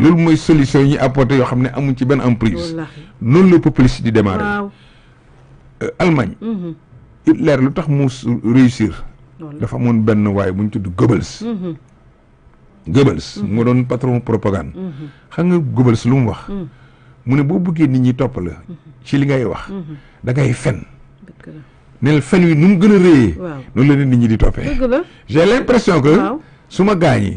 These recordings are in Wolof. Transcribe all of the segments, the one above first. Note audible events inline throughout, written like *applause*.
lool mooy solution yi apporter apporté yoo xam ne amuñ ci benn emprise noonu la populisme di démarré euh, Allemagne mhm. Hitler lu tax mu réussir dafa amoon benn waaye bu ñu tudd Goebbels mhm. Goebbels mhm. moo doon patron propagande xam nga Goebbels lu mu wax mu ne boo bëggee nit ñi topp la ci li ngay wax da ngay fen neel fen wi nu mu gën a réyee noonu la nit ñi di toppee j'ai l'impression que su ma gaañi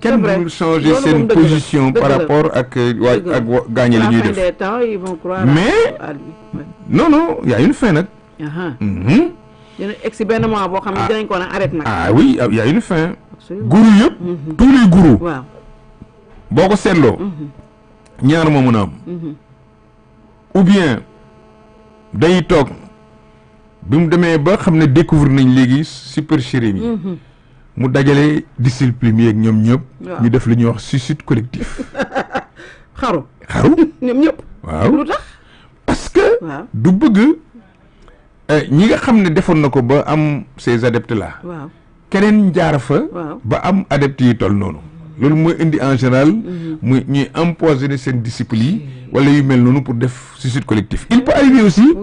Quel changer cette position par rapport euh, à gagner le mais non non il y a une fin mhm. ah. ah oui il ah, y a une fin mhm. tous les gourous, Bon mhm. c'est ou bien day les bi découvrir super léegi supercherie mu dajale discipline yeeg ñom ñëpp. ñu def li ñu wax suicide collectif. *laughs* xaru xaru. *laughs* ñom ñëpp. waaw lu tax parce que. du bëgg eh, ñi nga xam ne nako ba am ces adeptes là. waaw keneen jaar fa. ba am adeptes yi tol nonu loolu mooy indi en général. Mhm. muy ñuy empoisonner seen discipline yi. wala yu mel noonu pour def suicide collectif. il peut arriver aussi.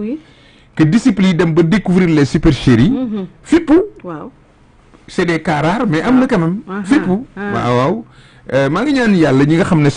que discipline yi dem ba découvrir les supercheries. Mhm. fippu waaw. c'est des cas rares mais am na ah. quand même fépp ah. ah. waaw waaw euh, maa ngi ñaan yàlla ñi nga xam ne